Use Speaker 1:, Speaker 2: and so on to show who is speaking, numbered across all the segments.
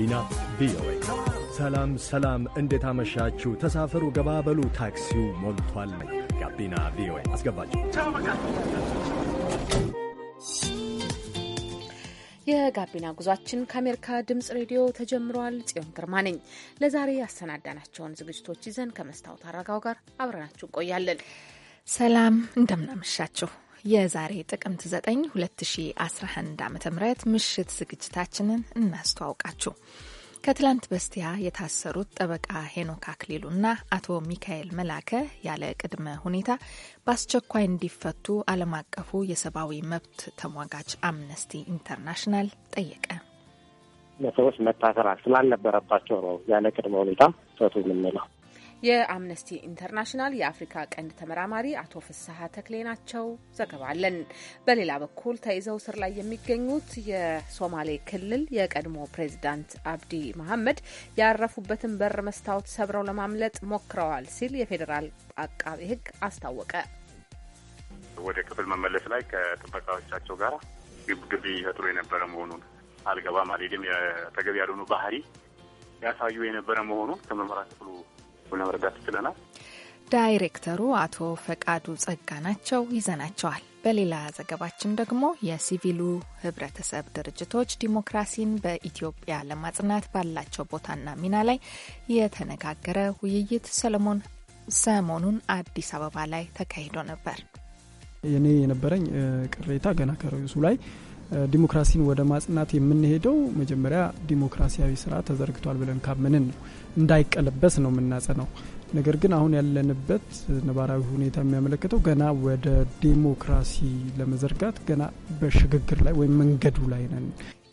Speaker 1: ጋቢና ቪኦኤ። ሰላም ሰላም፣ እንዴት አመሻችሁ? ተሳፈሩ፣ ገባበሉ፣ ታክሲው
Speaker 2: ሞልቷል። ጋቢና ቪኦኤ አስገባችሁ።
Speaker 3: የጋቢና ጉዟችን ከአሜሪካ ድምጽ ሬዲዮ ተጀምሯል። ጽዮን ግርማ ነኝ። ለዛሬ ያሰናዳናቸውን ዝግጅቶች ይዘን ከመስታወት አረጋው ጋር አብረናችሁ
Speaker 4: እንቆያለን። ሰላም፣ እንደምናመሻችሁ የዛሬ ጥቅምት 9 2011 ዓ ም ምሽት ዝግጅታችንን እናስተዋውቃችሁ። ከትላንት በስቲያ የታሰሩት ጠበቃ ሄኖክ አክሊሉና አቶ ሚካኤል መላከ ያለ ቅድመ ሁኔታ በአስቸኳይ እንዲፈቱ ዓለም አቀፉ የሰብአዊ መብት ተሟጋች አምነስቲ ኢንተርናሽናል ጠየቀ።
Speaker 5: ለሰዎች መታሰር ስላልነበረባቸው ነው ያለ ቅድመ ሁኔታ ፈቱ የምንለው።
Speaker 3: የአምነስቲ ኢንተርናሽናል የአፍሪካ ቀንድ ተመራማሪ አቶ ፍስሀ ተክሌ ናቸው። ዘገባ አለን። በሌላ በኩል ተይዘው ስር ላይ የሚገኙት የሶማሌ ክልል የቀድሞ ፕሬዚዳንት አብዲ መሐመድ ያረፉበትን በር መስታወት ሰብረው ለማምለጥ ሞክረዋል ሲል የፌዴራል አቃቤ ሕግ አስታወቀ።
Speaker 6: ወደ ክፍል መመለስ ላይ ከጥበቃዎቻቸው ጋር ግብግብ ይፈጥሩ የነበረ መሆኑን አልገባም አልሄድም ተገቢ ያልሆኑ ባህሪ ያሳዩ የነበረ መሆኑን ከምርመራ ክፍሉ ለመረዳት ችለናል።
Speaker 4: ዳይሬክተሩ አቶ ፈቃዱ ጸጋ ናቸው። ይዘናቸዋል። በሌላ ዘገባችን ደግሞ የሲቪሉ ህብረተሰብ ድርጅቶች ዲሞክራሲን በኢትዮጵያ ለማጽናት ባላቸው ቦታና ሚና ላይ የተነጋገረ ውይይት ሰለሞን ሰሞኑን አዲስ አበባ ላይ ተካሂዶ ነበር።
Speaker 1: የኔ የነበረኝ ቅሬታ ገና ከርዕሱ ላይ ዲሞክራሲን ወደ ማጽናት የምንሄደው መጀመሪያ ዲሞክራሲያዊ ስራ ተዘርግቷል ብለን ካመንን ነው። እንዳይቀለበስ ነው የምናጸነው። ነገር ግን አሁን ያለንበት ነባራዊ ሁኔታ የሚያመለክተው ገና ወደ ዲሞክራሲ ለመዘርጋት ገና በሽግግር ላይ ወይም መንገዱ ላይ ነን።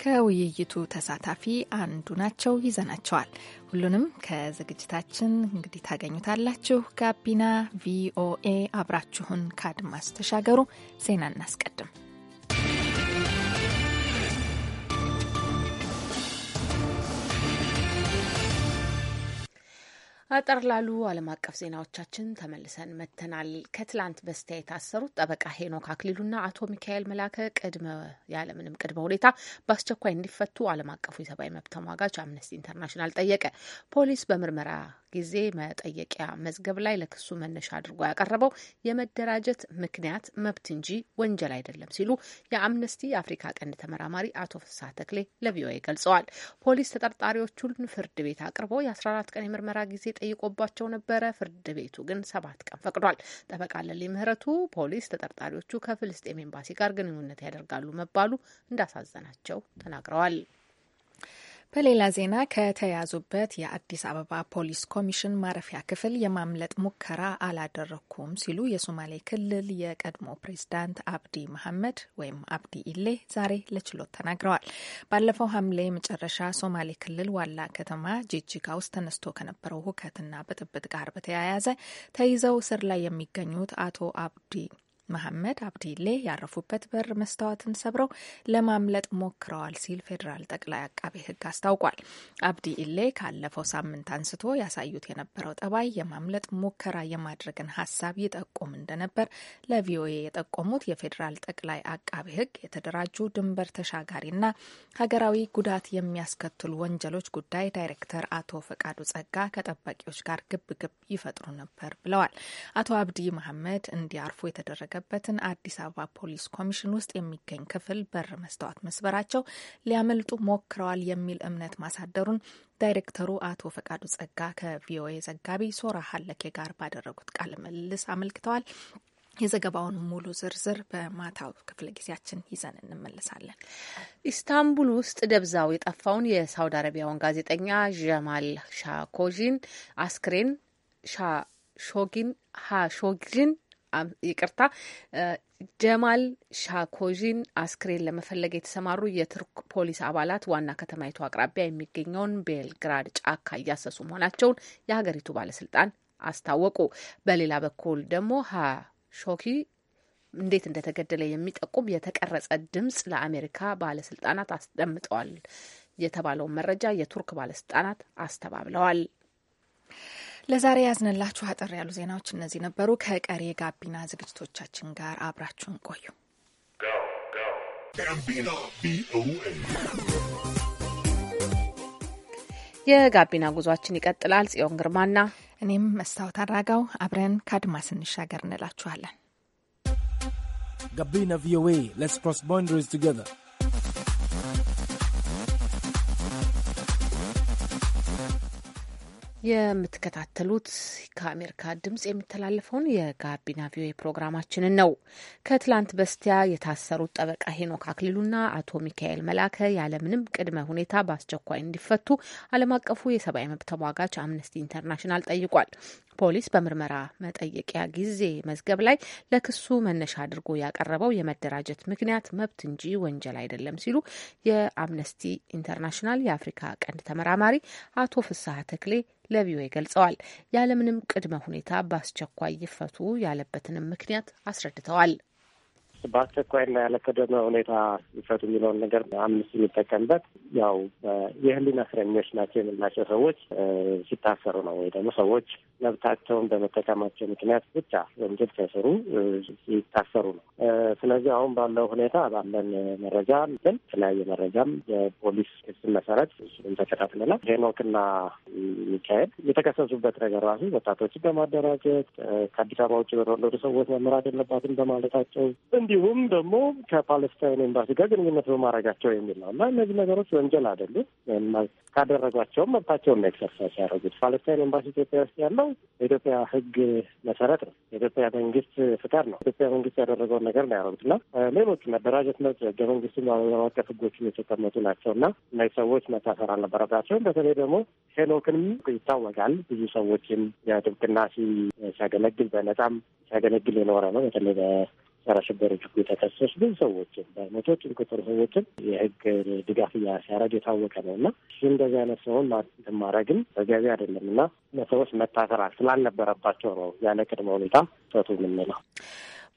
Speaker 4: ከውይይቱ ተሳታፊ አንዱ ናቸው። ይዘናቸዋል። ሁሉንም ከዝግጅታችን እንግዲህ ታገኙታላችሁ። ጋቢና ቪኦኤ፣ አብራችሁን ካድማስ ተሻገሩ። ዜና እናስቀድም።
Speaker 3: አጠር ላሉ ዓለም አቀፍ ዜናዎቻችን ተመልሰን መተናል። ከትላንት በስቲያ የታሰሩት ጠበቃ ሄኖክ አክሊሉና አቶ ሚካኤል መላከ ቅድመ ያለምንም ቅድመ ሁኔታ በአስቸኳይ እንዲፈቱ ዓለም አቀፉ የሰብአዊ መብት ተሟጋች አምነስቲ ኢንተርናሽናል ጠየቀ። ፖሊስ በምርመራ ጊዜ መጠየቂያ መዝገብ ላይ ለክሱ መነሻ አድርጎ ያቀረበው የመደራጀት ምክንያት መብት እንጂ ወንጀል አይደለም ሲሉ የአምነስቲ የአፍሪካ ቀንድ ተመራማሪ አቶ ፍስሐ ተክሌ ለቪኦኤ ገልጸዋል። ፖሊስ ተጠርጣሪዎቹን ፍርድ ቤት አቅርቦ የ14 ቀን የምርመራ ጊዜ ጠይቆባቸው ነበረ። ፍርድ ቤቱ ግን ሰባት ቀን ፈቅዷል። ጠበቃ ለሊ ምህረቱ ፖሊስ ተጠርጣሪዎቹ ከፍልስጤም ኤምባሲ ጋር ግንኙነት ያደርጋሉ መባሉ እንዳሳዘናቸው ተናግረዋል። በሌላ
Speaker 4: ዜና ከተያዙበት የአዲስ አበባ ፖሊስ ኮሚሽን ማረፊያ ክፍል የማምለጥ ሙከራ አላደረኩም ሲሉ የሶማሌ ክልል የቀድሞ ፕሬዚዳንት አብዲ መሐመድ ወይም አብዲ ኢሌ ዛሬ ለችሎት ተናግረዋል። ባለፈው ሐምሌ መጨረሻ ሶማሌ ክልል ዋላ ከተማ ጂጂጋ ውስጥ ተነስቶ ከነበረው ሁከትና ብጥብጥ ጋር በተያያዘ ተይዘው እስር ላይ የሚገኙት አቶ አብዲ መሐመድ አብዲሌ ያረፉበት በር መስታወትን ሰብረው ለማምለጥ ሞክረዋል ሲል ፌዴራል ጠቅላይ አቃቤ ሕግ አስታውቋል። አብዲ ኢሌ ካለፈው ሳምንት አንስቶ ያሳዩት የነበረው ጠባይ የማምለጥ ሙከራ የማድረግን ሀሳብ ይጠቁም እንደነበር ለቪኦኤ የጠቆሙት የፌዴራል ጠቅላይ አቃቤ ሕግ የተደራጁ ድንበር ተሻጋሪና ሀገራዊ ጉዳት የሚያስከትሉ ወንጀሎች ጉዳይ ዳይሬክተር አቶ ፈቃዱ ጸጋ ከጠባቂዎች ጋር ግብግብ ይፈጥሩ ነበር ብለዋል። አቶ አብዲ መሐመድ እንዲያርፉ የተደረገ የተደረገበትን አዲስ አበባ ፖሊስ ኮሚሽን ውስጥ የሚገኝ ክፍል በር መስተዋት መስበራቸው ሊያመልጡ ሞክረዋል የሚል እምነት ማሳደሩን ዳይሬክተሩ አቶ ፈቃዱ ጸጋ ከቪኦኤ ዘጋቢ ሶራ ሀለኬ ጋር ባደረጉት ቃለ ምልልስ አመልክተዋል። የዘገባውን ሙሉ ዝርዝር በማታው ክፍለ ጊዜያችን ይዘን እንመለሳለን። ኢስታንቡል ውስጥ ደብዛው የጠፋውን የሳውዲ አረቢያውን
Speaker 3: ጋዜጠኛ ጀማል ሻኮጂን አስክሬን ሻሾጊን ሀሾጊን ይቅርታ ጀማል ሻኮዥን አስክሬን ለመፈለግ የተሰማሩ የቱርክ ፖሊስ አባላት ዋና ከተማይቱ አቅራቢያ የሚገኘውን ቤልግራድ ጫካ እያሰሱ መሆናቸውን የሀገሪቱ ባለስልጣን አስታወቁ። በሌላ በኩል ደግሞ ሾኪ እንዴት እንደተገደለ የሚጠቁም የተቀረጸ ድምጽ ለአሜሪካ ባለስልጣናት አስደምጠዋል የተባለውን መረጃ የቱርክ ባለስልጣናት አስተባብለዋል።
Speaker 4: ለዛሬ ያዝነላችሁ አጠር ያሉ ዜናዎች እነዚህ ነበሩ። ከቀሪ የጋቢና ዝግጅቶቻችን ጋር አብራችሁን ቆዩ። የጋቢና ጉዟችን ይቀጥላል። ጽዮን ግርማና እኔም መስታወት አድራጋው አብረን ከአድማስ እንሻገር እንላችኋለን።
Speaker 7: ጋቢና ቪኦኤ ሌትስ ክሮስ ባውንደሪስ ቱጌዘር
Speaker 3: የምትከታተሉት ከአሜሪካ ድምጽ የሚተላለፈውን የጋቢና ቪኦኤ ፕሮግራማችንን ነው። ከትላንት በስቲያ የታሰሩት ጠበቃ ሄኖክ አክሊሉና አቶ ሚካኤል መላከ ያለምንም ቅድመ ሁኔታ በአስቸኳይ እንዲፈቱ ዓለም አቀፉ የሰብአዊ መብት ተሟጋች አምነስቲ ኢንተርናሽናል ጠይቋል። ፖሊስ በምርመራ መጠየቂያ ጊዜ መዝገብ ላይ ለክሱ መነሻ አድርጎ ያቀረበው የመደራጀት ምክንያት መብት እንጂ ወንጀል አይደለም ሲሉ የአምነስቲ ኢንተርናሽናል የአፍሪካ ቀንድ ተመራማሪ አቶ ፍስሀ ተክሌ ለቪኦኤ ገልጸዋል። ያለምንም ቅድመ ሁኔታ በአስቸኳይ ይፈቱ ያለበትንም ምክንያት አስረድተዋል።
Speaker 5: በአስቸኳይና ያለቀደመ ሁኔታ ይፈቱ የሚለውን ነገር አምስት የሚጠቀምበት ያው የህሊና እስረኞች ናቸው የምንላቸው ሰዎች ሲታሰሩ ነው ወይ ደግሞ ሰዎች መብታቸውን በመጠቀማቸው ምክንያት ብቻ ወንጀል ሲያሰሩ ሲታሰሩ ነው። ስለዚህ አሁን ባለው ሁኔታ ባለን መረጃ ምትል የተለያየ መረጃም የፖሊስ ክስ መሰረት እሱም ተከታትለናል። ሄኖክና ሚካኤል የተከሰሱበት ነገር ራሱ ወጣቶችን በማደራጀት ከአዲስ አበባ ውጭ በተወለዱ ሰዎች መምራት የለባትም በማለታቸው እንዲሁም ደግሞ ከፓለስታይን ኤምባሲ ጋር ግንኙነት በማድረጋቸው የሚል ነው እና እነዚህ ነገሮች ወንጀል አይደሉም። ካደረጓቸውም መብታቸውን ነው ኤክሰርሳይዝ ያደረጉት። ፓለስታይን ኤምባሲ ኢትዮጵያ ውስጥ ያለው የኢትዮጵያ ሕግ መሰረት ነው። የኢትዮጵያ መንግስት ፍቃድ ነው። ኢትዮጵያ መንግስት ያደረገውን ነገር ነው ያደረጉት እና ሌሎች መደራጀት መ ህገ መንግስቱ ዓለም አቀፍ የተቀመጡ ናቸው እና እነዚህ ሰዎች መታሰር አልነበረባቸውም። በተለይ ደግሞ ሄኖክንም ይታወቃል ብዙ ሰዎችን የድብቅና ሲያገለግል በነጻም ሲያገለግል የኖረ ነው በተለይ ጸረ ሽብር የተከሰሱ ግን ሰዎችን በመቶች የሚቆጠሩ ሰዎችን የህግ ድጋፍ ሲያረግ የታወቀ ነው እና እንደዚህ አይነት ሰውን ማድረግም በገቢ አይደለም እና ለሰዎች መታሰር ስላልነበረባቸው ነው ያለ ቅድመ ሁኔታ ሰቱ የምንለው።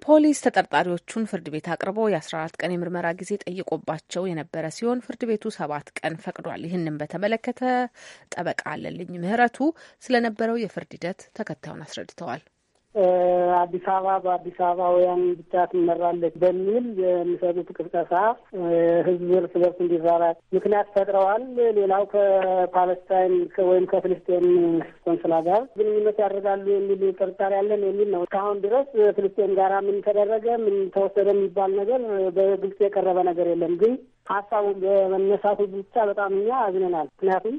Speaker 3: ፖሊስ ተጠርጣሪዎቹን ፍርድ ቤት አቅርቦ የአስራ አራት ቀን የምርመራ ጊዜ ጠይቆባቸው የነበረ ሲሆን ፍርድ ቤቱ ሰባት ቀን ፈቅዷል። ይህንን በተመለከተ ጠበቃ አለልኝ ምህረቱ ስለነበረው የፍርድ ሂደት ተከታዩን አስረድተዋል።
Speaker 8: አዲስ አበባ በአዲስ አበባውያን ብቻ ትመራለች በሚል የሚሰጡት ቅስቀሳ ህዝብ እርስ በርስ እንዲራራቅ ምክንያት ፈጥረዋል። ሌላው ከፓለስታይን ወይም ከፍልስጤን ቆንስላ ጋር ግንኙነት ያደርጋሉ የሚል ጥርጣሬ ያለን የሚል ነው። እስካሁን ድረስ ፍልስጤን ጋራ ምን ተደረገ ምን ተወሰደ የሚባል ነገር በግልጽ የቀረበ ነገር የለም። ግን ሀሳቡ በመነሳቱ ብቻ በጣም እኛ አዝነናል። ምክንያቱም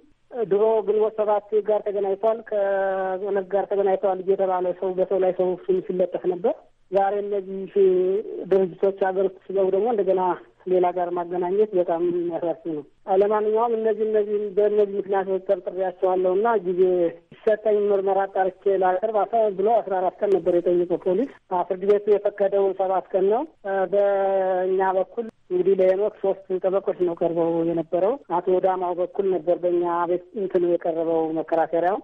Speaker 8: ድሮ ግንቦት ሰባት ጋር ተገናኝቷል ከነት ጋር ተገናኝተዋል እየተባለ ሰው በሰው ላይ ሰው ሲለጠፍ ነበር። ዛሬ እነዚህ ድርጅቶች ሀገር ውስጥ ሲገቡ ደግሞ እንደገና ሌላ ጋር ማገናኘት በጣም የሚያሳስብ ነው። አለማንኛውም እነዚህ እነዚህ በእነዚህ ምክንያቶች ጠርጥሬያቸዋለሁ እና ጊዜ ሰጠኝ ምርመራ አጣርቼ ላቅርብ ብሎ አስራ አራት ቀን ነበር የጠየቀው ፖሊስ። ፍርድ ቤቱ የፈቀደው ሰባት ቀን ነው። በእኛ በኩል እንግዲህ ለሄኖክ ሶስት ጠበቆች ነው ቀርበው የነበረው። አቶ ዳማው በኩል ነበር በእኛ ቤት እንትን የቀረበው መከራከሪያው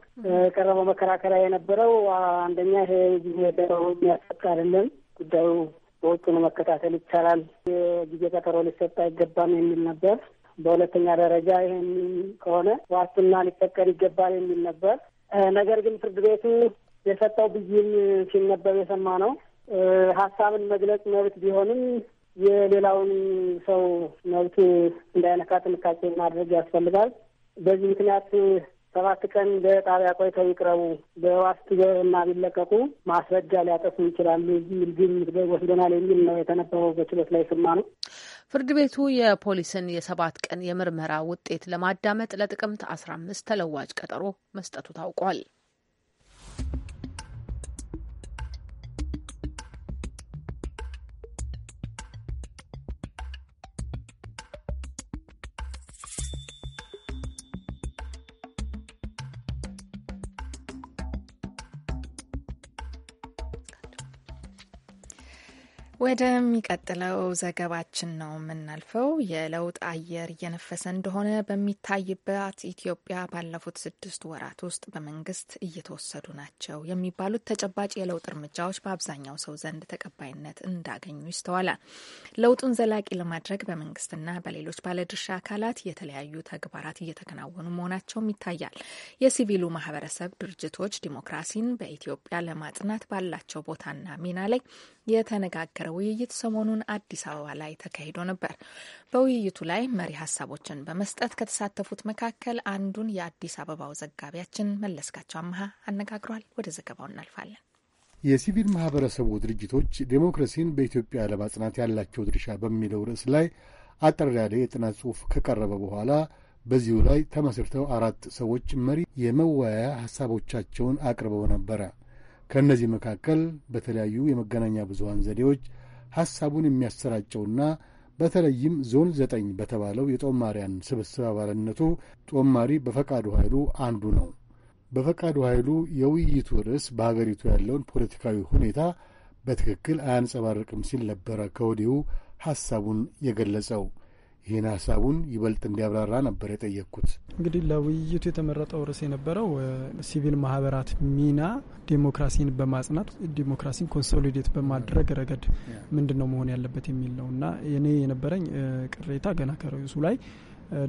Speaker 8: የቀረበው መከራከሪያ የነበረው አንደኛ ይሄ ጊዜ ደው የሚያስፈቅ አይደለም ጉዳዩ በውጭ ነው መከታተል ይቻላል። ጊዜ ቀጠሮ ሊሰጥ አይገባም የሚል ነበር። በሁለተኛ ደረጃ ይህን ከሆነ ዋስትና ሊፈቀድ ይገባል የሚል ነበር። ነገር ግን ፍርድ ቤቱ የሰጠው ብይን ሲነበብ የሰማ ነው። ሀሳብን መግለጽ መብት ቢሆንም የሌላውን ሰው መብት እንዳይነካ ጥንቃቄ ማድረግ ያስፈልጋል። በዚህ ምክንያት ሰባት ቀን በጣቢያ ቆይተው ይቅረቡ፣ በዋስትና ቢለቀቁ ማስረጃ ሊያጠፉ ይችላሉ የሚል ግምት ወስደናል የሚል ነው የተነበበው በችሎት ላይ ስማ ነው።
Speaker 3: ፍርድ ቤቱ የፖሊስን የሰባት ቀን የምርመራ ውጤት ለማዳመጥ ለጥቅምት አስራ አምስት ተለዋጭ ቀጠሮ መስጠቱ ታውቋል።
Speaker 4: ወደሚቀጥለው ዘገባችን ነው የምናልፈው። የለውጥ አየር እየነፈሰ እንደሆነ በሚታይበት ኢትዮጵያ ባለፉት ስድስት ወራት ውስጥ በመንግስት እየተወሰዱ ናቸው የሚባሉት ተጨባጭ የለውጥ እርምጃዎች በአብዛኛው ሰው ዘንድ ተቀባይነት እንዳገኙ ይስተዋላል። ለውጡን ዘላቂ ለማድረግ በመንግስትና በሌሎች ባለድርሻ አካላት የተለያዩ ተግባራት እየተከናወኑ መሆናቸውም ይታያል። የሲቪሉ ማህበረሰብ ድርጅቶች ዲሞክራሲን በኢትዮጵያ ለማጽናት ባላቸው ቦታና ሚና ላይ የተነጋገ የተጠናከረ ውይይት ሰሞኑን አዲስ አበባ ላይ ተካሂዶ ነበር። በውይይቱ ላይ መሪ ሀሳቦችን በመስጠት ከተሳተፉት መካከል አንዱን የአዲስ አበባው ዘጋቢያችን መለስካቸው አመሃ አነጋግሯል። ወደ ዘገባው እናልፋለን።
Speaker 9: የሲቪል ማህበረሰቡ ድርጅቶች ዴሞክራሲን በኢትዮጵያ ለማጽናት ያላቸው ድርሻ በሚለው ርዕስ ላይ አጠር ያለ የጥናት ጽሑፍ ከቀረበ በኋላ በዚሁ ላይ ተመስርተው አራት ሰዎች መሪ የመወያያ ሀሳቦቻቸውን አቅርበው ነበረ። ከእነዚህ መካከል በተለያዩ የመገናኛ ብዙሀን ዘዴዎች ሐሳቡን የሚያሰራጨውና በተለይም ዞን ዘጠኝ በተባለው የጦማሪያን ስብስብ አባልነቱ ጦማሪ በፈቃዱ ኃይሉ አንዱ ነው። በፈቃዱ ኃይሉ የውይይቱ ርዕስ በሀገሪቱ ያለውን ፖለቲካዊ ሁኔታ በትክክል አያንጸባርቅም ሲል ነበረ ከወዲሁ ሐሳቡን የገለጸው። ይህን ሀሳቡን ይበልጥ እንዲያብራራ ነበር የጠየቅኩት።
Speaker 1: እንግዲህ ለውይይቱ የተመረጠው ርዕስ የነበረው ሲቪል ማህበራት ሚና ዴሞክራሲን በማጽናት ዴሞክራሲን ኮንሶሊዴት በማድረግ ረገድ ምንድን ነው መሆን ያለበት የሚል ነው እና እኔ የነበረኝ ቅሬታ ገና ከርዕሱ ላይ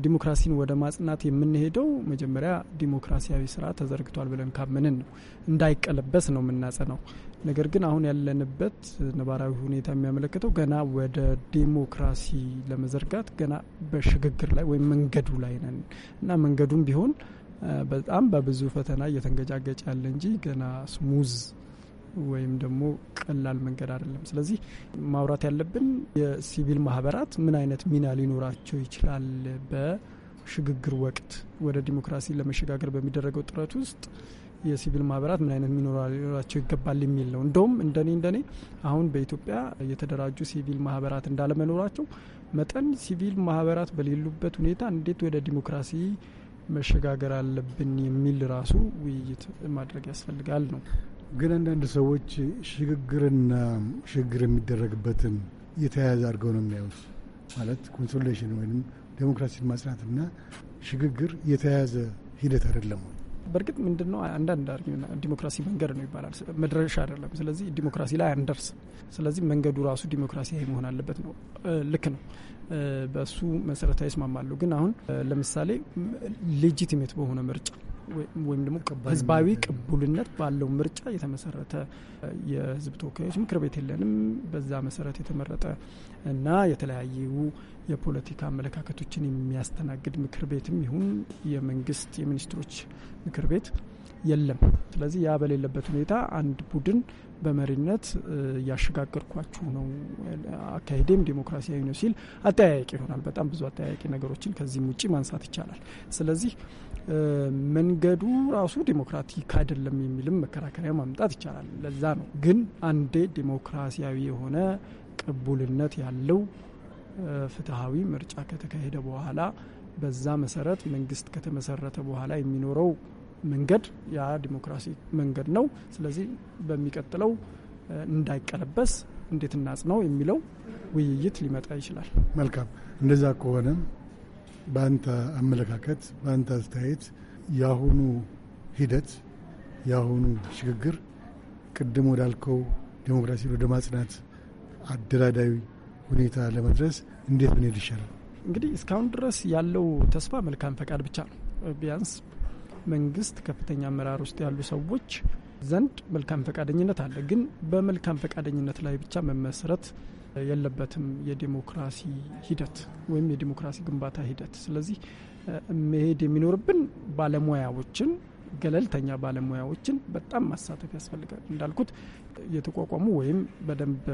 Speaker 1: ዲሞክራሲን ወደ ማጽናት የምንሄደው መጀመሪያ ዲሞክራሲያዊ ስርዓት ተዘርግቷል ብለን ካመንን ነው። እንዳይቀለበስ ነው ነው። ነገር ግን አሁን ያለንበት ነባራዊ ሁኔታ የሚያመለክተው ገና ወደ ዴሞክራሲ ለመዘርጋት ገና በሽግግር ላይ ወይም መንገዱ ላይ ነን እና መንገዱም ቢሆን በጣም በብዙ ፈተና እየተንገጫገጭ ያለ እንጂ ገና ስሙዝ ወይም ደግሞ ቀላል መንገድ አይደለም። ስለዚህ ማውራት ያለብን የሲቪል ማህበራት ምን አይነት ሚና ሊኖራቸው ይችላል በሽግግር ወቅት ወደ ዲሞክራሲ ለመሸጋገር በሚደረገው ጥረት ውስጥ የሲቪል ማህበራት ምን አይነት ሚኖራ ሊኖራቸው ይገባል የሚል ነው። እንደውም እንደኔ እንደኔ አሁን በኢትዮጵያ የተደራጁ ሲቪል ማህበራት እንዳለመኖራቸው መጠን ሲቪል ማህበራት በሌሉበት ሁኔታ እንዴት ወደ ዲሞክራሲ መሸጋገር አለብን የሚል ራሱ ውይይት ማድረግ ያስፈልጋል ነው። ግን አንዳንድ ሰዎች
Speaker 9: ሽግግርና ሽግግር የሚደረግበትን የተያያዘ አድርገው ነው የሚያዩት። ማለት ኮንሶሌሽን ወይም ዴሞክራሲን ማጽናትና ሽግግር የተያያዘ ሂደት አይደለም።
Speaker 1: በእርግጥ ምንድን ነው አንዳንድ ዲሞክራሲ መንገድ ነው ይባላል፣ መድረሻ አይደለም። ስለዚህ ዲሞክራሲ ላይ አንደርስም። ስለዚህ መንገዱ ራሱ ዲሞክራሲያዊ መሆን አለበት ነው። ልክ ነው። በእሱ መሰረታዊ እስማማለሁ። ግን አሁን ለምሳሌ ሌጂቲሜት በሆነ ምርጫ ወይም ደግሞ ህዝባዊ ቅቡልነት ባለው ምርጫ የተመሰረተ የህዝብ ተወካዮች ምክር ቤት የለንም። በዛ መሰረት የተመረጠ እና የተለያዩ የፖለቲካ አመለካከቶችን የሚያስተናግድ ምክር ቤትም ይሁን የመንግስት የሚኒስትሮች ምክር ቤት የለም። ስለዚህ ያ በሌለበት ሁኔታ አንድ ቡድን በመሪነት እያሸጋገርኳችሁ ነው፣ አካሄዴም ዴሞክራሲያዊ ነው ሲል አጠያያቂ ይሆናል። በጣም ብዙ አጠያያቂ ነገሮችን ከዚህም ውጭ ማንሳት ይቻላል። ስለዚህ መንገዱ ራሱ ዴሞክራቲክ አይደለም የሚልም መከራከሪያ ማምጣት ይቻላል። ለዛ ነው ግን አንዴ ዴሞክራሲያዊ የሆነ ቅቡልነት ያለው ፍትሐዊ ምርጫ ከተካሄደ በኋላ በዛ መሰረት መንግስት ከተመሰረተ በኋላ የሚኖረው መንገድ ያ ዲሞክራሲ መንገድ ነው። ስለዚህ በሚቀጥለው እንዳይቀለበስ እንዴት እናጽናው የሚለው ውይይት ሊመጣ ይችላል።
Speaker 9: መልካም እንደዛ ከሆነ በአንተ አመለካከት፣ በአንተ አስተያየት የአሁኑ ሂደት የአሁኑ ሽግግር ቅድም ወዳልከው ዴሞክራሲ ወደ ማጽናት አደራዳዊ ሁኔታ ለመድረስ እንዴት ብንሄድ ይሻላል?
Speaker 1: እንግዲህ እስካሁን ድረስ ያለው ተስፋ መልካም ፈቃድ ብቻ ነው። ቢያንስ መንግስት ከፍተኛ አመራር ውስጥ ያሉ ሰዎች ዘንድ መልካም ፈቃደኝነት አለ። ግን በመልካም ፈቃደኝነት ላይ ብቻ መመስረት የለበትም የዲሞክራሲ ሂደት ወይም የዲሞክራሲ ግንባታ ሂደት። ስለዚህ መሄድ የሚኖርብን ባለሙያዎችን ገለልተኛ ባለሙያዎችን በጣም ማሳተፍ ያስፈልጋል። እንዳልኩት የተቋቋሙ ወይም በደንብ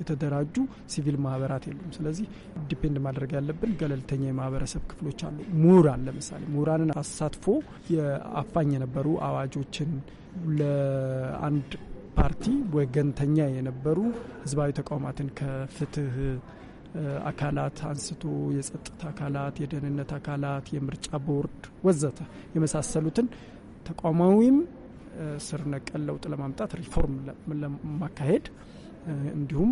Speaker 1: የተደራጁ ሲቪል ማህበራት የሉም። ስለዚህ ዲፔንድ ማድረግ ያለብን ገለልተኛ የማህበረሰብ ክፍሎች አሉ። ምሁራን ለምሳሌ ምሁራንን አሳትፎ የአፋኝ የነበሩ አዋጆችን ለአንድ ፓርቲ ወገንተኛ የነበሩ ህዝባዊ ተቋማትን ከፍትህ አካላት አንስቶ የጸጥታ አካላት፣ የደህንነት አካላት፣ የምርጫ ቦርድ ወዘተ የመሳሰሉትን ተቋማዊም ስር ነቀል ለውጥ ለማምጣት ሪፎርም ለማካሄድ እንዲሁም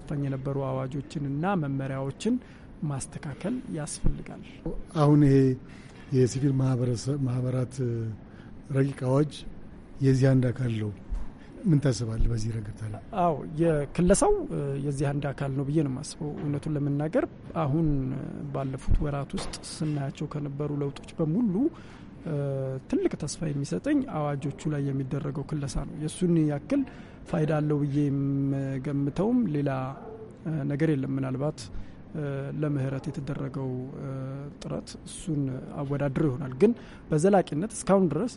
Speaker 1: አፋኝ የነበሩ አዋጆችን እና መመሪያዎችን ማስተካከል ያስፈልጋል።
Speaker 9: አሁን ይሄ የሲቪል ማህበራት ረቂቅ አዋጅ የዚህ አንድ አካል ነው። ምን ታስባለህ በዚህ ረገድ ታዲያ?
Speaker 1: አዎ የክለሳው የዚህ አንድ አካል ነው ብዬ ነው የማስበው። እውነቱን ለመናገር አሁን ባለፉት ወራት ውስጥ ስናያቸው ከነበሩ ለውጦች በሙሉ ትልቅ ተስፋ የሚሰጠኝ አዋጆቹ ላይ የሚደረገው ክለሳ ነው። የእሱን ያክል ፋይዳ አለው ብዬ የምገምተውም ሌላ ነገር የለም። ምናልባት ለምህረት የተደረገው ጥረት እሱን አወዳድሮ ይሆናል። ግን በዘላቂነት እስካሁን ድረስ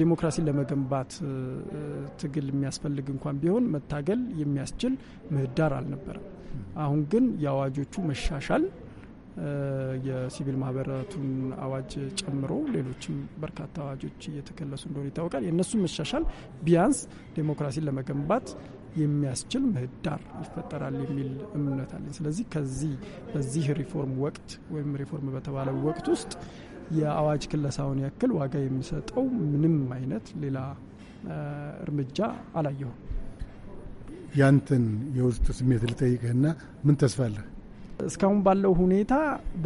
Speaker 1: ዲሞክራሲን ለመገንባት ትግል የሚያስፈልግ እንኳን ቢሆን መታገል የሚያስችል ምህዳር አልነበረም። አሁን ግን የአዋጆቹ መሻሻል የሲቪል ማህበራቱን አዋጅ ጨምሮ ሌሎችም በርካታ አዋጆች እየተከለሱ እንደሆነ ይታወቃል። የእነሱም መሻሻል ቢያንስ ዴሞክራሲን ለመገንባት የሚያስችል ምህዳር ይፈጠራል የሚል እምነት አለኝ። ስለዚህ ከዚህ በዚህ ሪፎርም ወቅት ወይም ሪፎርም በተባለ ወቅት ውስጥ የአዋጅ ክለሳውን ያክል ዋጋ የሚሰጠው ምንም አይነት ሌላ እርምጃ አላየሁም። ያንተን የውስጥ ስሜት ልጠይቅህና ምን ተስፋ አለህ? እስካሁን ባለው ሁኔታ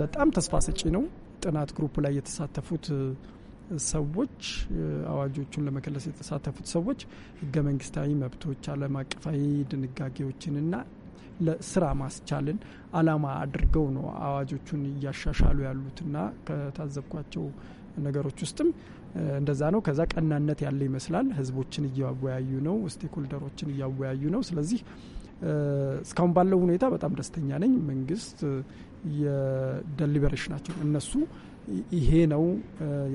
Speaker 1: በጣም ተስፋ ሰጪ ነው። ጥናት ግሩፕ ላይ የተሳተፉት ሰዎች አዋጆቹን ለመከለስ የተሳተፉት ሰዎች ህገ መንግስታዊ መብቶች፣ ዓለም አቀፋዊ ድንጋጌዎችንና ለስራ ማስቻልን አላማ አድርገው ነው አዋጆቹን እያሻሻሉ ያሉትና ከታዘብኳቸው ነገሮች ውስጥም እንደዛ ነው። ከዛ ቀናነት ያለ ይመስላል። ህዝቦችን እያወያዩ ነው። ስቴክሆልደሮችን እያወያዩ ነው። ስለዚህ እስካሁን ባለው ሁኔታ በጣም ደስተኛ ነኝ። መንግስት የደሊበሬሽናቸው እነሱ ይሄ ነው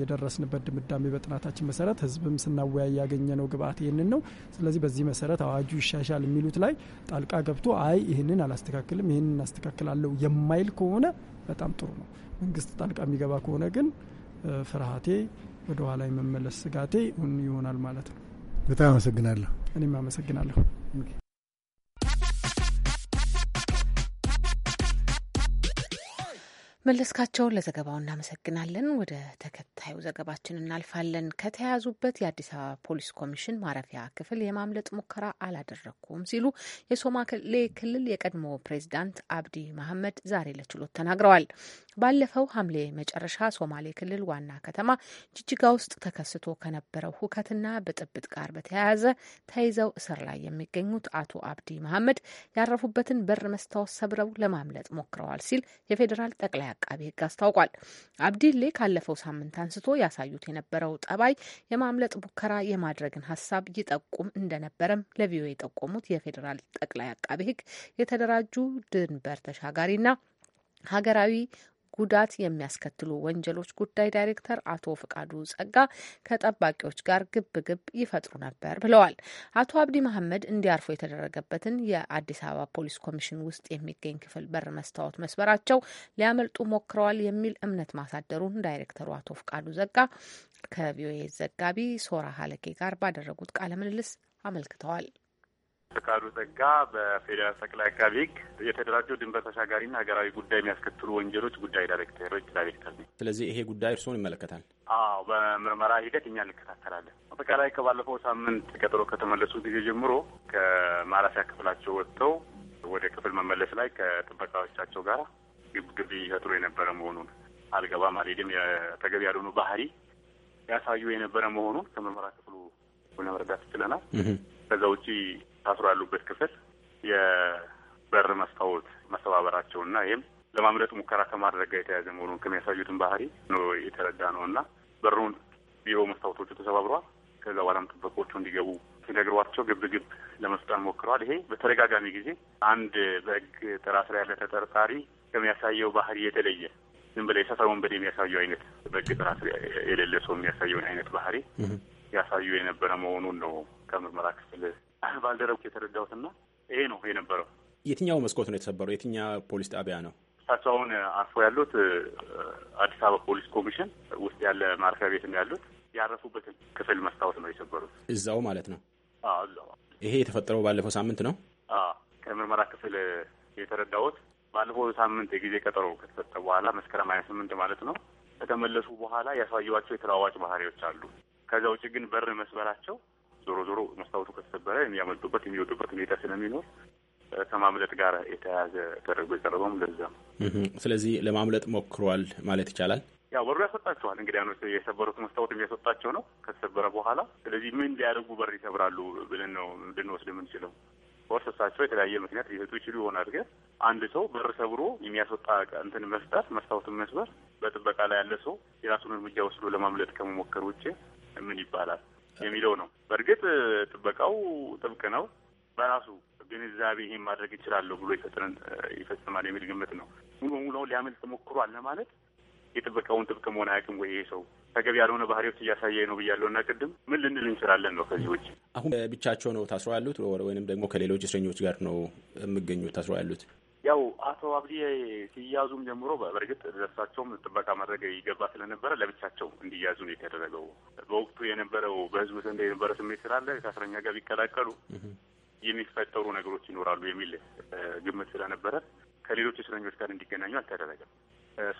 Speaker 1: የደረስንበት ድምዳሜ። በጥናታችን መሰረት ህዝብም ስናወያይ ነው ግብአት ይህንን ነው። ስለዚህ በዚህ መሰረት አዋጁ ይሻሻል የሚሉት ላይ ጣልቃ ገብቶ አይ ይህንን አላስተካክልም፣ ይህንን እናስተካክላለሁ የማይል ከሆነ በጣም ጥሩ ነው። መንግስት ጣልቃ የሚገባ ከሆነ ግን ፍርሃቴ ወደኋላ የመመለስ ስጋቴ ይሆናል ማለት ነው።
Speaker 9: በጣም አመሰግናለሁ።
Speaker 1: እኔም አመሰግናለሁ።
Speaker 3: መለስካቸውን ለዘገባው እናመሰግናለን። ወደ ተከታዩ ዘገባችን እናልፋለን። ከተያዙበት የአዲስ አበባ ፖሊስ ኮሚሽን ማረፊያ ክፍል የማምለጥ ሙከራ አላደረግኩም ሲሉ የሶማሌ ክልል የቀድሞ ፕሬዚዳንት አብዲ መሐመድ ዛሬ ለችሎት ተናግረዋል። ባለፈው ሐምሌ መጨረሻ ሶማሌ ክልል ዋና ከተማ ጅጅጋ ውስጥ ተከስቶ ከነበረው ሁከትና ብጥብጥ ጋር በተያያዘ ተይዘው እስር ላይ የሚገኙት አቶ አብዲ መሐመድ ያረፉበትን በር መስታወት ሰብረው ለማምለጥ ሞክረዋል ሲል የፌዴራል ጠቅላይ አቃቤ ሕግ አስታውቋል። አብዲሌ ካለፈው ሳምንት አንስቶ ያሳዩት የነበረው ጠባይ የማምለጥ ሙከራ የማድረግን ሀሳብ ይጠቁም እንደነበረም ለቪኦኤ የጠቆሙት የፌዴራል ጠቅላይ አቃቤ ሕግ የተደራጁ ድንበር ተሻጋሪና ሀገራዊ ጉዳት የሚያስከትሉ ወንጀሎች ጉዳይ ዳይሬክተር አቶ ፍቃዱ ጸጋ ከጠባቂዎች ጋር ግብ ግብ ይፈጥሩ ነበር ብለዋል። አቶ አብዲ መሐመድ እንዲያርፉ የተደረገበትን የአዲስ አበባ ፖሊስ ኮሚሽን ውስጥ የሚገኝ ክፍል በር መስታወት መስበራቸው ሊያመልጡ ሞክረዋል የሚል እምነት ማሳደሩን ዳይሬክተሩ አቶ ፍቃዱ ዘጋ ከቪኦኤ ዘጋቢ ሶራ ሀለኬ ጋር ባደረጉት ቃለ ምልልስ አመልክተዋል።
Speaker 6: ፈቃዱ ጸጋ በፌዴራል ጠቅላይ አቃቢ ህግ የተደራጀው ድንበር ተሻጋሪና ሀገራዊ ጉዳይ የሚያስከትሉ ወንጀሎች ጉዳይ ዳይሬክተሮች ዳይሬክተር ነኝ።
Speaker 7: ስለዚህ ይሄ ጉዳይ እርስዎን ይመለከታል?
Speaker 6: አዎ፣ በምርመራ ሂደት እኛ እንከታተላለን። አጠቃላይ ከባለፈው ሳምንት ቀጠሮ ከተመለሱ ጊዜ ጀምሮ ከማረፊያ ክፍላቸው ወጥተው ወደ ክፍል መመለስ ላይ ከጥበቃዎቻቸው ጋር ግብግብ ይፈጥሩ የነበረ መሆኑን አልገባም አልሄድም ተገቢ ያልሆኑ ባህሪ ያሳዩ የነበረ መሆኑን ከምርመራ ክፍሉ ለመረዳት ችለናል። ከዛ ውጪ ታስሮ ያሉበት ክፍል የበር መስታወት መሰባበራቸውና ይህም ለማምለጥ ሙከራ ከማድረግ ጋር የተያዘ መሆኑን ከሚያሳዩትን ባህሪ ነው የተረዳ ነው እና በሩን ቢሮ መስታወቶቹ ተሰባብረዋል። ከዛ በኋላም ጥበቆቹ እንዲገቡ ሲነግሯቸው ግብ ግብ ለመስጠት ሞክረዋል። ይሄ በተደጋጋሚ ጊዜ አንድ በህግ ጥራ ስራ ያለ ተጠርጣሪ ከሚያሳየው ባህሪ የተለየ ዝም ብለ የሰፈር ወንበድ የሚያሳየው አይነት በህግ ጥራ ስር የሌለ ሰው የሚያሳየውን አይነት ባህሪ ያሳዩ የነበረ መሆኑን ነው ከምርመራ ክፍል ባልደረቡ የተረዳሁትና ይሄ ነው የነበረው።
Speaker 7: የትኛው መስኮት ነው የተሰበረው? የትኛ ፖሊስ ጣቢያ ነው?
Speaker 6: እሳቸው አሁን አርፎ ያሉት አዲስ አበባ ፖሊስ ኮሚሽን ውስጥ ያለ ማረፊያ ቤት ነው ያሉት። ያረፉበትን ክፍል መስታወት ነው የሰበሩት።
Speaker 7: እዛው ማለት ነው። እዛው ይሄ የተፈጠረው ባለፈው ሳምንት ነው።
Speaker 6: ከምርመራ ክፍል የተረዳሁት ባለፈው ሳምንት የጊዜ ቀጠሮ ከተሰጠ በኋላ መስከረም ሀያ ስምንት ማለት ነው ከተመለሱ በኋላ ያሳየዋቸው የተለዋዋጭ ባህሪዎች አሉ። ከዛ ውጭ ግን በር መስበራቸው ዞሮ ዞሮ መስታወቱ ከተሰበረ የሚያመልጡበት የሚወጡበት ሁኔታ ስለሚኖር ከማምለጥ ጋር የተያያዘ ተደርጎ የቀረበውም ለዛ ነው።
Speaker 7: ስለዚህ ለማምለጥ ሞክሯል ማለት ይቻላል።
Speaker 6: ያው በሩ ያስወጣቸዋል። እንግዲህ ያኖ የሰበሩት መስታወት የሚያስወጣቸው ነው ከተሰበረ በኋላ። ስለዚህ ምን እንዲያደርጉ በር ይሰብራሉ ብለን ነው ልንወስድ የምንችለው። ኦርስ እሳቸው የተለያየ ምክንያት ሊሰጡ ይችሉ ይሆናል። ግን አንድ ሰው በር ሰብሮ የሚያስወጣ እንትን መፍጠር መስታወትን መስበር በጥበቃ ላይ ያለ ሰው የራሱን እርምጃ ወስዶ ለማምለጥ ከመሞከር ውጭ ምን ይባላል? የሚለው ነው። በእርግጥ ጥበቃው ጥብቅ ነው። በራሱ ግንዛቤ ይሄን ማድረግ እችላለሁ ብሎ ይፈጽማል የሚል ግምት ነው። ሙሉ በሙሉ ሊያመልጥ ሞክሯል ለማለት የጥበቃውን ጥብቅ መሆን አያውቅም ወይ ይሄ ሰው ተገቢ ያልሆነ ባህሪዎች እያሳየ ነው ብያለሁ እና ቅድም ምን ልንል እንችላለን ነው። ከዚህ ውጭ
Speaker 7: አሁን ብቻቸው ነው ታስሮ ያሉት ወይንም ደግሞ ከሌሎች እስረኞች ጋር ነው የሚገኙት ታስሮ ያሉት?
Speaker 6: ያው አቶ አብዲ ሲያዙም ጀምሮ በእርግጥ ለእሳቸውም ጥበቃ ማድረግ ይገባ ስለነበረ ለብቻቸው እንዲያዙ ነው የተደረገው። በወቅቱ የነበረው በህዝብ ዘንድ የነበረ ስሜት ስላለ ከእስረኛ ጋር ቢቀላቀሉ የሚፈጠሩ ነገሮች ይኖራሉ የሚል ግምት ስለነበረ ከሌሎች እስረኞች ጋር እንዲገናኙ አልተደረገም።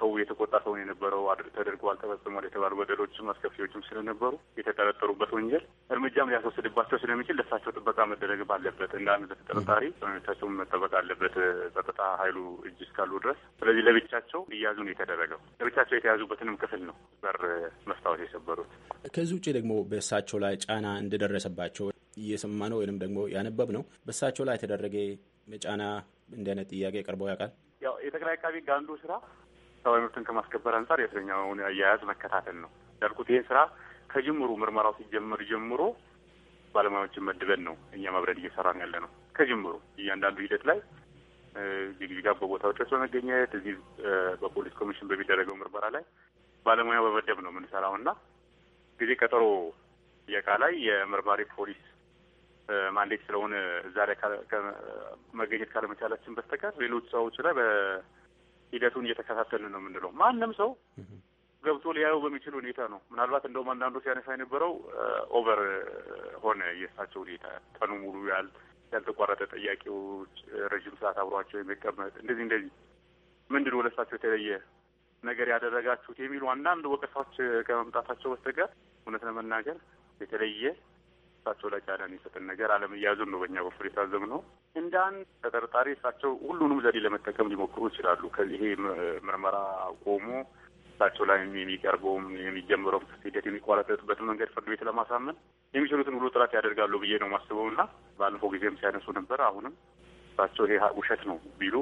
Speaker 6: ሰው የተቆጣ ሰውን የነበረው ተደርጎ ተፈጽሟል የተባሉ በደሎችም አስከፊዎችም ስለነበሩ የተጠረጠሩበት ወንጀል እርምጃም ሊያስወስድባቸው ስለሚችል ለሳቸው ጥበቃ መደረግ አለበት እንደ አንድ ተጠርጣሪ መብታቸውም መጠበቅ አለበት ጸጥታ ኃይሉ እጅ እስካሉ ድረስ። ስለዚህ ለብቻቸው እያዙ ነው የተደረገው። ለብቻቸው የተያዙበትንም ክፍል ነው በር መስታወት የሰበሩት።
Speaker 7: ከዚህ ውጭ ደግሞ በእሳቸው ላይ ጫና እንደደረሰባቸው እየሰማ ነው ወይንም ደግሞ ያነበብ ነው። በእሳቸው ላይ የተደረገ ጫና እንዲህ ጥያቄ ቀርበው ያውቃል?
Speaker 6: ያው የጠቅላይ አቃቢ ሕግ አንዱ ስራ ሰብአዊ መብትን ከማስከበር አንጻር የእስረኛውን አያያዝ መከታተል ነው ያልኩት። ይህን ስራ ከጅምሩ ምርመራው ሲጀምር ጀምሮ ባለሙያዎችን መድበን ነው እኛ ማብረድ እየሰራን ያለ ነው። ከጅምሩ እያንዳንዱ ሂደት ላይ ጅግጅጋ በቦታው ድረስ በመገኘት እዚህ በፖሊስ ኮሚሽን በሚደረገው ምርመራ ላይ ባለሙያ በመደብ ነው የምንሰራው እና ጊዜ ቀጠሮ የቃ ላይ የመርማሪ ፖሊስ ማንዴት ስለሆነ እዛ መገኘት ካለመቻላችን በስተቀር ሌሎች ሰዎች ላይ ሂደቱን እየተከታተልን ነው የምንለው። ማንም ሰው ገብቶ ሊያየው በሚችል ሁኔታ ነው። ምናልባት እንደውም አንዳንዱ ሲያነሳ የነበረው ኦቨር ሆነ የእሳቸው ሁኔታ ቀኑ ሙሉ ያል ያልተቋረጠ ጥያቄዎች፣ ረዥም ሰዓት አብሯቸው የሚቀመጥ እንደዚህ እንደዚህ ምንድን ለእሳቸው የተለየ ነገር ያደረጋችሁት የሚሉ አንዳንድ ወቀሳዎች ከመምጣታቸው በስተቀር እውነት ለመናገር የተለየ እሳቸው ላይ ጫና የሚሰጥን ነገር አለመያዙን ነው በእኛ በኩል የታዘብነው። እንደ አንድ ተጠርጣሪ እሳቸው ሁሉንም ዘዴ ለመጠቀም ሊሞክሩ ይችላሉ። ከዚህ ምርመራ ቆሞ እሳቸው ላይ የሚቀርበውም የሚጀምረው ሂደት የሚቋረጥበት መንገድ ፍርድ ቤት ለማሳመን የሚችሉትን ሁሉ ጥረት ያደርጋሉ ብዬ ነው ማስበው እና ባለፈው ጊዜም ሲያነሱ ነበር። አሁንም እሳቸው ይሄ ውሸት ነው ቢሉ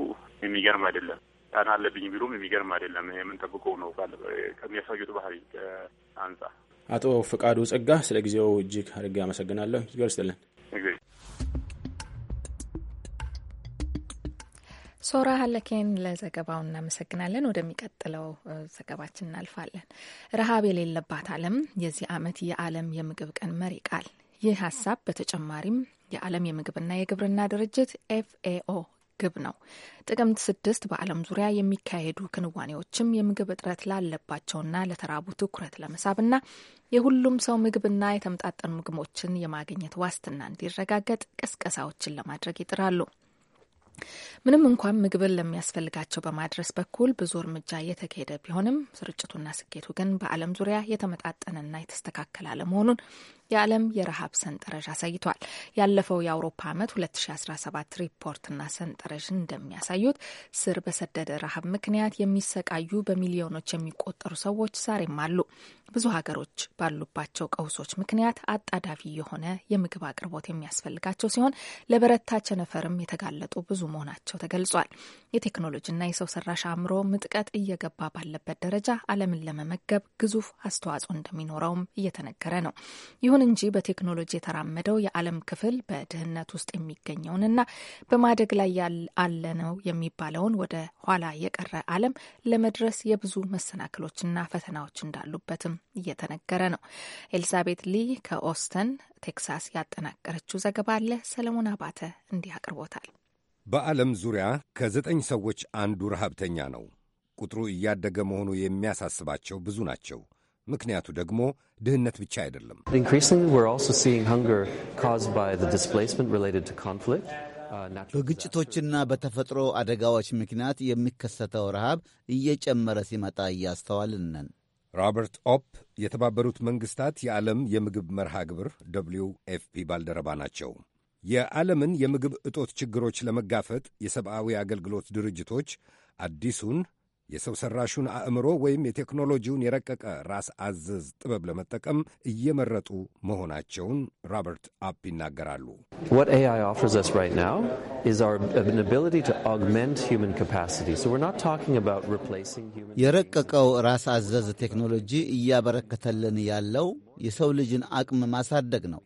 Speaker 6: የሚገርም አይደለም። ጫና አለብኝ ቢሉም የሚገርም አይደለም። የምንጠብቀው ነው ከሚያሳዩት ባህሪ አንጻር
Speaker 7: አቶ ፍቃዱ ጸጋ ስለ ጊዜው እጅግ አድርጌ አመሰግናለሁ። እግዚአብሔር
Speaker 4: ሶራ ሀለኬን ለዘገባው እናመሰግናለን። ወደሚቀጥለው ዘገባችን እናልፋለን። ረሃብ የሌለባት ዓለም የዚህ ዓመት የዓለም የምግብ ቀን መሪ ቃል። ይህ ሀሳብ በተጨማሪም የዓለም የምግብና የግብርና ድርጅት ኤፍኤኦ ግብ ነው። ጥቅምት ስድስት በዓለም ዙሪያ የሚካሄዱ ክንዋኔዎችም የምግብ እጥረት ላለባቸውና ለተራቡ ትኩረት ለመሳብና የሁሉም ሰው ምግብና የተመጣጠኑ ምግቦችን የማግኘት ዋስትና እንዲረጋገጥ ቅስቀሳዎችን ለማድረግ ይጥራሉ። ምንም እንኳን ምግብን ለሚያስፈልጋቸው በማድረስ በኩል ብዙ እርምጃ እየተካሄደ ቢሆንም ስርጭቱና ስኬቱ ግን በዓለም ዙሪያ የተመጣጠነና የተስተካከለ አለመሆኑን የዓለም የረሃብ ሰንጠረዥ አሳይቷል። ያለፈው የአውሮፓ ዓመት 2017 ሪፖርትና ሰንጠረዥ እንደሚያሳዩት ስር በሰደደ ረሃብ ምክንያት የሚሰቃዩ በሚሊዮኖች የሚቆጠሩ ሰዎች ዛሬም አሉ። ብዙ ሀገሮች ባሉባቸው ቀውሶች ምክንያት አጣዳፊ የሆነ የምግብ አቅርቦት የሚያስፈልጋቸው ሲሆን ለበረታ ቸነፈርም የተጋለጡ ብዙ መሆናቸው ተገልጿል። የቴክኖሎጂና የሰው ሰራሽ አእምሮ ምጥቀት እየገባ ባለበት ደረጃ ዓለምን ለመመገብ ግዙፍ አስተዋጽኦ እንደሚኖረውም እየተነገረ ነው። ይሁን እንጂ በቴክኖሎጂ የተራመደው የዓለም ክፍል በድህነት ውስጥ የሚገኘውንና በማደግ ላይ አለ ነው የሚባለውን ወደ ኋላ የቀረ ዓለም ለመድረስ የብዙ መሰናክሎችና ፈተናዎች እንዳሉበትም እየተነገረ ነው። ኤልዛቤት ሊ ከኦስተን ቴክሳስ ያጠናቀረችው ዘገባ አለ። ሰለሞን አባተ እንዲህ አቅርቦታል።
Speaker 2: በዓለም ዙሪያ ከዘጠኝ ሰዎች አንዱ ረሃብተኛ ነው። ቁጥሩ እያደገ መሆኑ የሚያሳስባቸው ብዙ ናቸው። ምክንያቱ ደግሞ ድህነት ብቻ አይደለም።
Speaker 10: uh, በግጭቶችና በተፈጥሮ አደጋዎች ምክንያት የሚከሰተው
Speaker 2: ረሃብ እየጨመረ ሲመጣ እያስተዋልን ነን። ሮበርት ኦፕ የተባበሩት መንግሥታት የዓለም የምግብ መርሃ ግብር ደብሊው ኤፍ ፒ ባልደረባ ናቸው። የዓለምን የምግብ እጦት ችግሮች ለመጋፈጥ የሰብአዊ አገልግሎት ድርጅቶች አዲሱን የሰው ሰራሹን አእምሮ ወይም የቴክኖሎጂውን የረቀቀ ራስ አዘዝ ጥበብ ለመጠቀም እየመረጡ መሆናቸውን ሮበርት አፕ ይናገራሉ።
Speaker 10: የረቀቀው ራስ አዘዝ ቴክኖሎጂ እያበረከተልን ያለው የሰው ልጅን አቅም ማሳደግ ነው።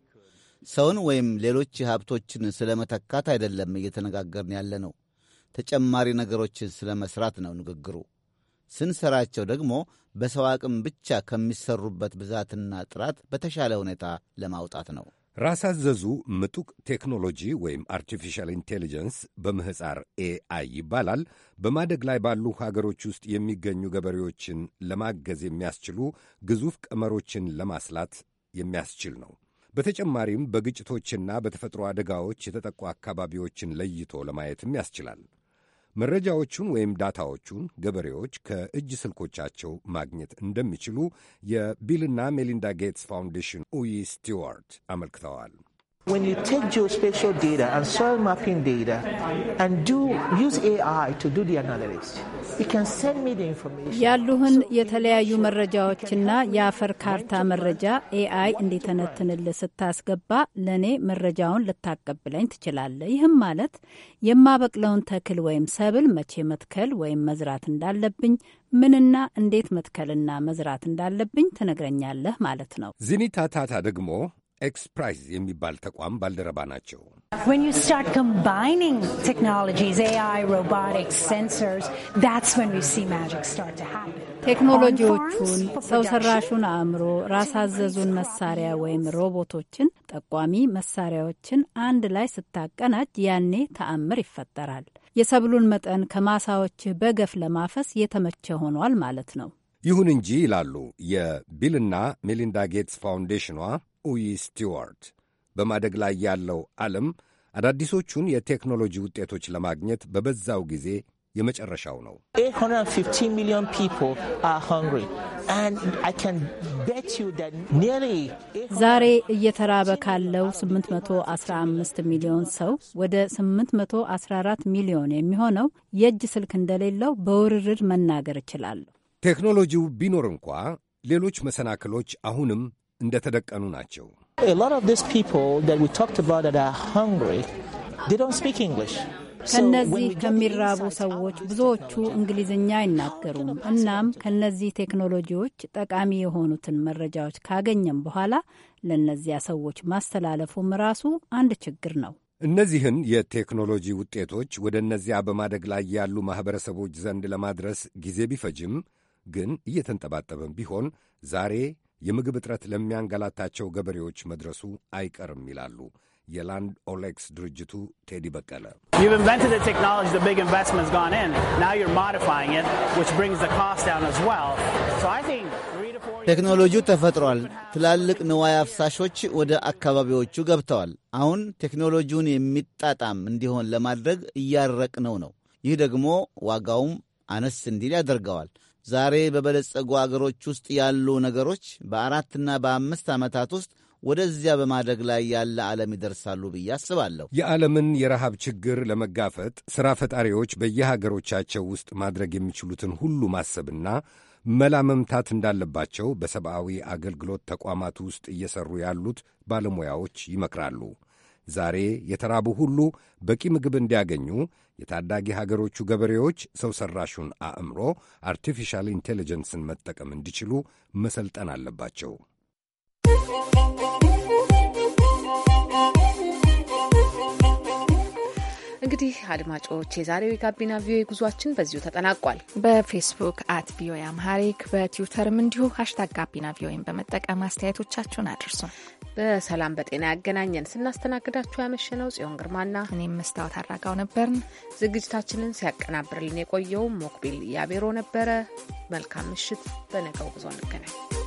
Speaker 10: ሰውን ወይም ሌሎች ሀብቶችን ስለመተካት አይደለም እየተነጋገርን ያለ ነው። ተጨማሪ ነገሮችን ስለ መሥራት ነው ንግግሩ። ስንሰራቸው ደግሞ በሰው አቅም ብቻ ከሚሰሩበት ብዛትና ጥራት በተሻለ ሁኔታ ለማውጣት ነው።
Speaker 2: ራስ አዘዙ ምጡቅ ቴክኖሎጂ ወይም አርቲፊሻል ኢንቴሊጀንስ በምህፃር ኤአይ ይባላል። በማደግ ላይ ባሉ ሀገሮች ውስጥ የሚገኙ ገበሬዎችን ለማገዝ የሚያስችሉ ግዙፍ ቀመሮችን ለማስላት የሚያስችል ነው። በተጨማሪም በግጭቶችና በተፈጥሮ አደጋዎች የተጠቁ አካባቢዎችን ለይቶ ለማየትም ያስችላል። መረጃዎቹን ወይም ዳታዎቹን ገበሬዎች ከእጅ ስልኮቻቸው ማግኘት እንደሚችሉ የቢልና ሜሊንዳ ጌትስ ፋውንዴሽን ኡይ ስቲዋርት አመልክተዋል።
Speaker 10: when you take geospatial data and soil mapping data and do use AI to do the analysis, you
Speaker 4: can send me the information.
Speaker 10: ያሉህን የተለያዩ መረጃዎችና የአፈር ካርታ መረጃ ኤአይ እንዲተነትንልህ ስታስገባ ለእኔ መረጃውን ልታቀብለኝ ትችላለህ። ይህም ማለት የማበቅለውን ተክል ወይም ሰብል መቼ መትከል ወይም መዝራት እንዳለብኝ ምንና እንዴት መትከልና መዝራት እንዳለብኝ ትነግረኛለህ ማለት
Speaker 2: ነው። ዚኒታ ደግሞ ኤክስፕራይዝ የሚባል ተቋም ባልደረባ ናቸው።
Speaker 10: ቴክኖሎጂዎቹን፣ ሰው ሰራሹን አእምሮ፣ ራስ አዘዙን መሳሪያ ወይም ሮቦቶችን፣ ጠቋሚ መሳሪያዎችን አንድ ላይ ስታቀናጅ ያኔ ተአምር ይፈጠራል። የሰብሉን መጠን ከማሳዎችህ በገፍ ለማፈስ የተመቸ ሆኗል ማለት ነው።
Speaker 2: ይሁን እንጂ ይላሉ የቢልና ሜሊንዳ ጌትስ ፋውንዴሽኗ ኡይ ስቲዋርት በማደግ ላይ ያለው ዓለም አዳዲሶቹን የቴክኖሎጂ ውጤቶች ለማግኘት በበዛው ጊዜ የመጨረሻው ነው።
Speaker 10: ዛሬ እየተራበ ካለው 815 ሚሊዮን ሰው ወደ 814 ሚሊዮን የሚሆነው የእጅ ስልክ እንደሌለው በውርርድ መናገር እችላለሁ።
Speaker 2: ቴክኖሎጂው ቢኖር እንኳ ሌሎች መሰናክሎች አሁንም እንደተደቀኑ ናቸው።
Speaker 10: ከነዚህ ከሚራቡ ሰዎች ብዙዎቹ እንግሊዝኛ አይናገሩም። እናም ከነዚህ ቴክኖሎጂዎች ጠቃሚ የሆኑትን መረጃዎች ካገኘም በኋላ ለእነዚያ ሰዎች ማስተላለፉም ራሱ አንድ ችግር ነው።
Speaker 2: እነዚህን የቴክኖሎጂ ውጤቶች ወደ እነዚያ በማደግ ላይ ያሉ ማኅበረሰቦች ዘንድ ለማድረስ ጊዜ ቢፈጅም ግን እየተንጠባጠበም ቢሆን ዛሬ የምግብ እጥረት ለሚያንገላታቸው ገበሬዎች መድረሱ አይቀርም ይላሉ የላንድ ኦሌክስ ድርጅቱ ቴዲ በቀለ።
Speaker 10: ቴክኖሎጂው ተፈጥሯል። ትላልቅ ንዋይ አፍሳሾች ወደ አካባቢዎቹ ገብተዋል። አሁን ቴክኖሎጂውን የሚጣጣም እንዲሆን ለማድረግ እያረቅነው ነው። ይህ ደግሞ ዋጋውም አነስ እንዲል ያደርገዋል። ዛሬ በበለጸጉ አገሮች ውስጥ ያሉ ነገሮች በአራትና በአምስት ዓመታት ውስጥ ወደዚያ በማደግ ላይ ያለ ዓለም ይደርሳሉ ብዬ አስባለሁ።
Speaker 2: የዓለምን የረሃብ ችግር ለመጋፈጥ ሥራ ፈጣሪዎች በየሀገሮቻቸው ውስጥ ማድረግ የሚችሉትን ሁሉ ማሰብና መላ መምታት እንዳለባቸው በሰብአዊ አገልግሎት ተቋማት ውስጥ እየሠሩ ያሉት ባለሙያዎች ይመክራሉ። ዛሬ የተራቡ ሁሉ በቂ ምግብ እንዲያገኙ የታዳጊ ሀገሮቹ ገበሬዎች ሰው ሠራሹን አእምሮ አርቲፊሻል ኢንቴሊጀንስን መጠቀም እንዲችሉ መሰልጠን አለባቸው።
Speaker 4: እንግዲህ አድማጮች የዛሬው የጋቢና ቪኦኤ ጉዟችን በዚሁ ተጠናቋል። በፌስቡክ አት ቪኦኤ አምሃሪክ በትዊተርም እንዲሁ ሀሽታግ ጋቢና ቪኦኤን በመጠቀም አስተያየቶቻችሁን አድርሱ።
Speaker 3: በሰላም በጤና ያገናኘን። ስናስተናግዳችሁ ያመሸነው ጽዮን ግርማና እኔም መስታወት አራጋው ነበርን። ዝግጅታችንን ሲያቀናብርልን የቆየው ሞክቢል ያቤሮ ነበረ። መልካም ምሽት። በነገው ጉዞ እንገናኝ።